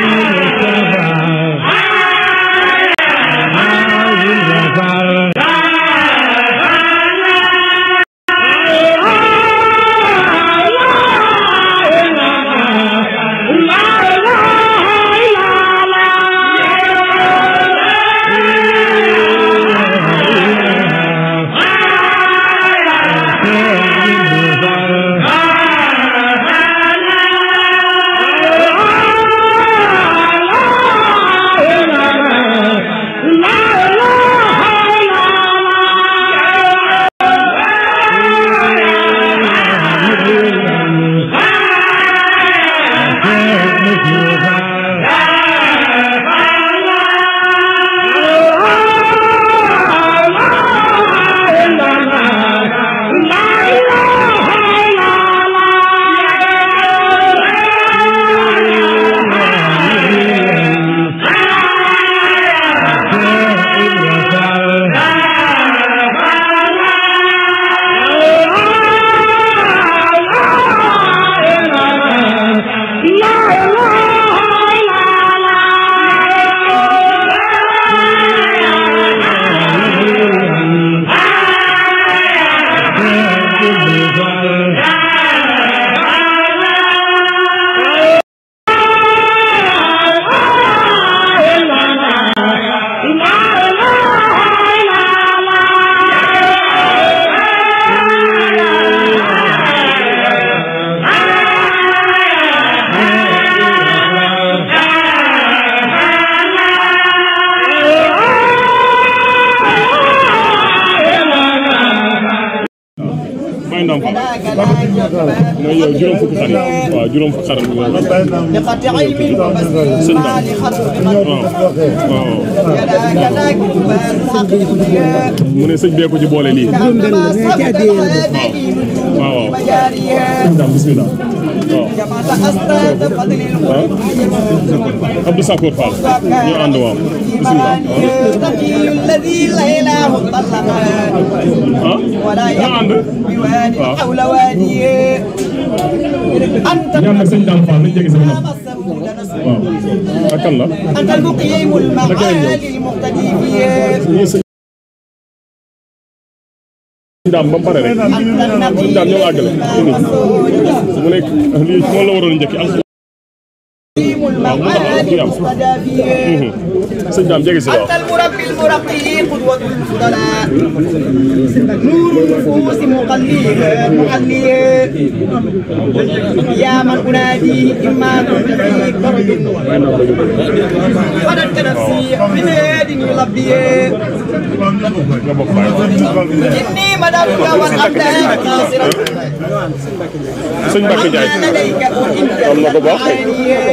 Hallelujah. mooy ndam mooy yow juróom fukki xar yi waaw juróom fukki xar yi waaw sëñ Ba waaw mu ne sëñ bee ko ci boole lii waaw waaw waaw bismillah جماعة أستاذ فضل الغريب عبد السكور فال يا أندوا تقي الذي لا إله إلا ولا يعلم بوادي حول وادي أنت أنت المقيم المعالي المقتدي daam ba pare rek daam ñoo àggale mu nekk lii moo la waroon njëkk sëñ Dame jege si waaw. sëñ Mbacke Ndiaye.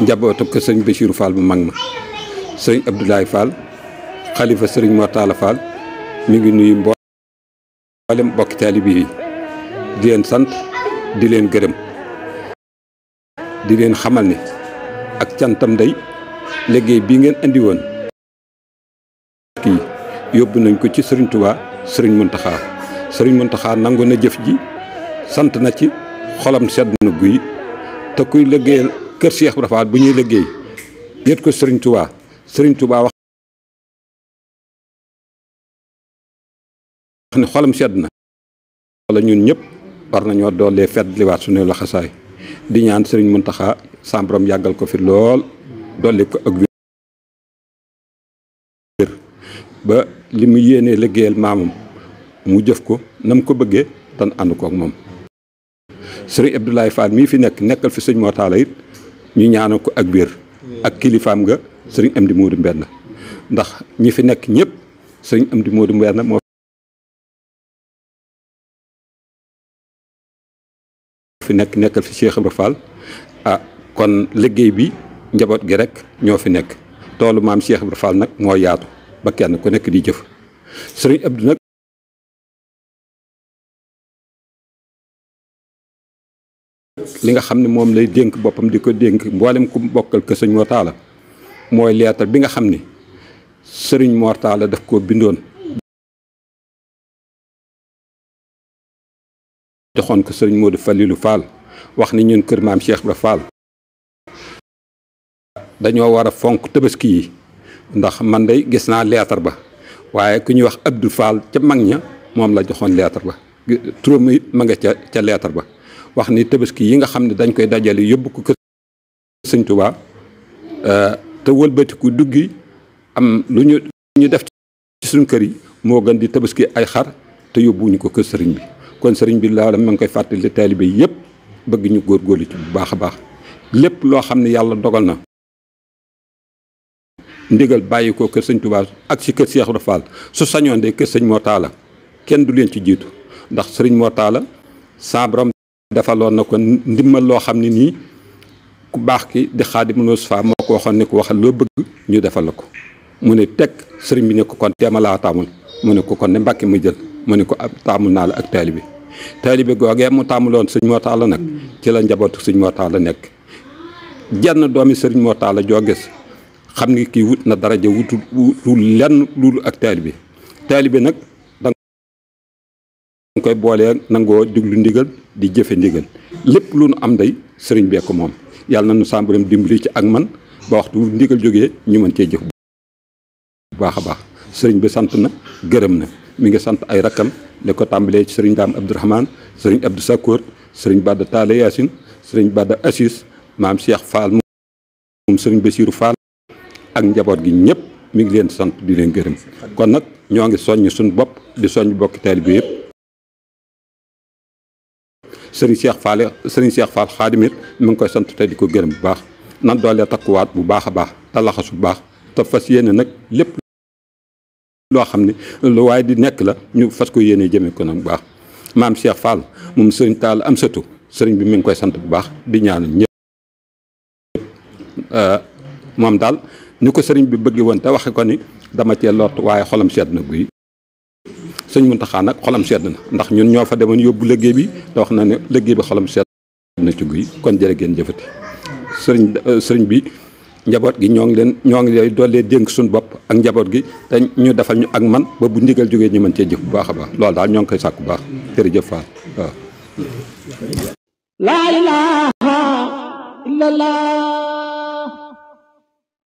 njabootu ke serigne Bachirou Fall bu magma serigne Abdoulaye Fall khalifa serigne Mortala Fall mi ngi nuyu mbolem bokk di len sant di len gërem di len xamal ni ak cantam day liggéey bi ngeen andi won ki yobbu nañ ko ci serigne Touba serigne Mountakha serigne Mountakha jëf ji sant na ci xolam sedna guuy kuy kër Cheikh Ibra bu ñuy liggéey yët ko Serigne Touba Serigne Touba wax ne xolam sedd na wala ñun ñëpp war nañoo doolee fedd liwaat suñu laxasaay di ñaan Serigne Mountakha sàmbaram yàggal ko fi lool dolli ko ak wér ba li mu yéenee liggéeyal maamam mu jëf ko nam ko bëggee tan ànd kook moom Serigne Abdoulaye Fall mii fi nekk nekkal fi sëñ Mortalla it ñu ñaanal ko ak wér ak kilifaam nga sëriñ Amdi Moodu Mbenn ndax ñi fi nekk ñëpp sëriñ Amdi Moodu Mbenn moo fi nekk nekkal fi Cheikh Ibra Fall ah kon liggéey bi njaboot gi rek ñoo fi nekk toolu maam Cheikh Ibra Fall nag moo yaatu ba kenn ku nekk di jëf sëriñ Abdu nag li nga xam ne moom lay dénk boppam di ko dénk mboolem ku bokkal ko sëñ Mor mooy leetar bi nga xam ni sëriñ Mor Talla ko bindoon joxoon ko sëriñ Modou Falilou Fall wax ni ñun kër maam Cheikh Ibra Fall dañoo war a fonk tabaski yi ndax man day gis naa leetar ba waaye ku ñuy wax Abdou Fall ca mag ña moom la joxoon leetar ba turam ma nga ca ca leetar ba wax ni tabaski yi nga xam ne dañ koy dajale yóbbu ko kër sëñ Tuubaa euh, te wëlbatiku duggi am lu ñu def ci suñ kër yi moo gën di tabaski ay xar te yóbbuwuñu ko kër sëriñ bi kon sëriñ bi laa la ma ngi koy fàttali taalibe yëpp bëgg ñu góorgóorlu ci bu baax a baax lépp loo xam ne yàlla dogal na ndigal bàyyi ko kër sëñ Tuubaa ak ci kër Seex Ibra Faal su sañoon de kër sëñ Mor Talla kenn du leen ci jiitu ndax sëriñ Mor Talla sabram defaloon na ko ndimmal loo xam ne nii ku baax ki di Xaadimu Mustafaa moo ko waxoon ne ko waxal loo bëgg ñu defal la ko mu ne teg sëriñ bi ne ko kon ma laa taamul mu ne ko kon ne mbàkke mu jël mu ne ko ab taamul naa la ak taalibi taalibi googee mu taamuloon sëñ moo Talla nag ci la njabootu suñ Mor Talla nekk jenn doomi sëriñ Mor Talla joo gis xam ni ki wut na dara wutul wutul lenn loolu ak taalibi taalibi nag nga koy boolee nangoo diglu ndigal di jëfe ndigal lépp lu nu am day sëriñ bee ko moom yàlla na nu sàmbaram dimbali ci ak man ba waxtu ndigal jóge ñu mën cee jëf bu baax a baax sëriñ bi sant na gërëm na mi ngi sant ay rakkam li ko tàmbalee ci sëriñ daam abdourahman sëriñ abdou sakoor sëriñ badda taala yaasin sëriñ badda assis maam cheikh fall moom sëriñ basiiru fall ak njaboot gi ñëpp mi ngi leen sant di leen gërëm kon nag ñoo ngi soññ suñu bopp di soñ bokki taalibe bi yëpp sëriñ Cheikh Fall sëriñ Cheikh Fall xaadimit mu ngi koy sant te di ko gërëm bu baax nan doolee takkuwaat bu baax a baax te bu baax te fas yéene nag lépp loo xam ne lu waaye di nekk la ñu fas ko yéene jëmee ko bu baax maam Cheikh Fall moom sëriñ Tall am sëtu sëriñ bi mi ngi koy sant bu baax di ñaan ñëpp euh, moom daal ñu ko sëriñ bi bëgg woon te waxe ko ni dama cee lott waaye xolam seet na guy sëñ Muntaxa nag xolam sedd ñun ñoo fa demoon yóbbu liggéey bi te wax na ne liggéey bi xolam sedd na ci guy kon jërë ngeen jëfati sëriñ euh, sëriñ bi njaboot gi ñoo ngi leen ñoo ngi leen doole dénk suñu bopp ak njaboot gi te ñu defal ñu ak man ba bu ndigal jógee ñu mën cee jëf bu baax a baax loolu daal ñoo ngi koy sàkku baax jërëjëf Fall waaw laa ilaaha illallaah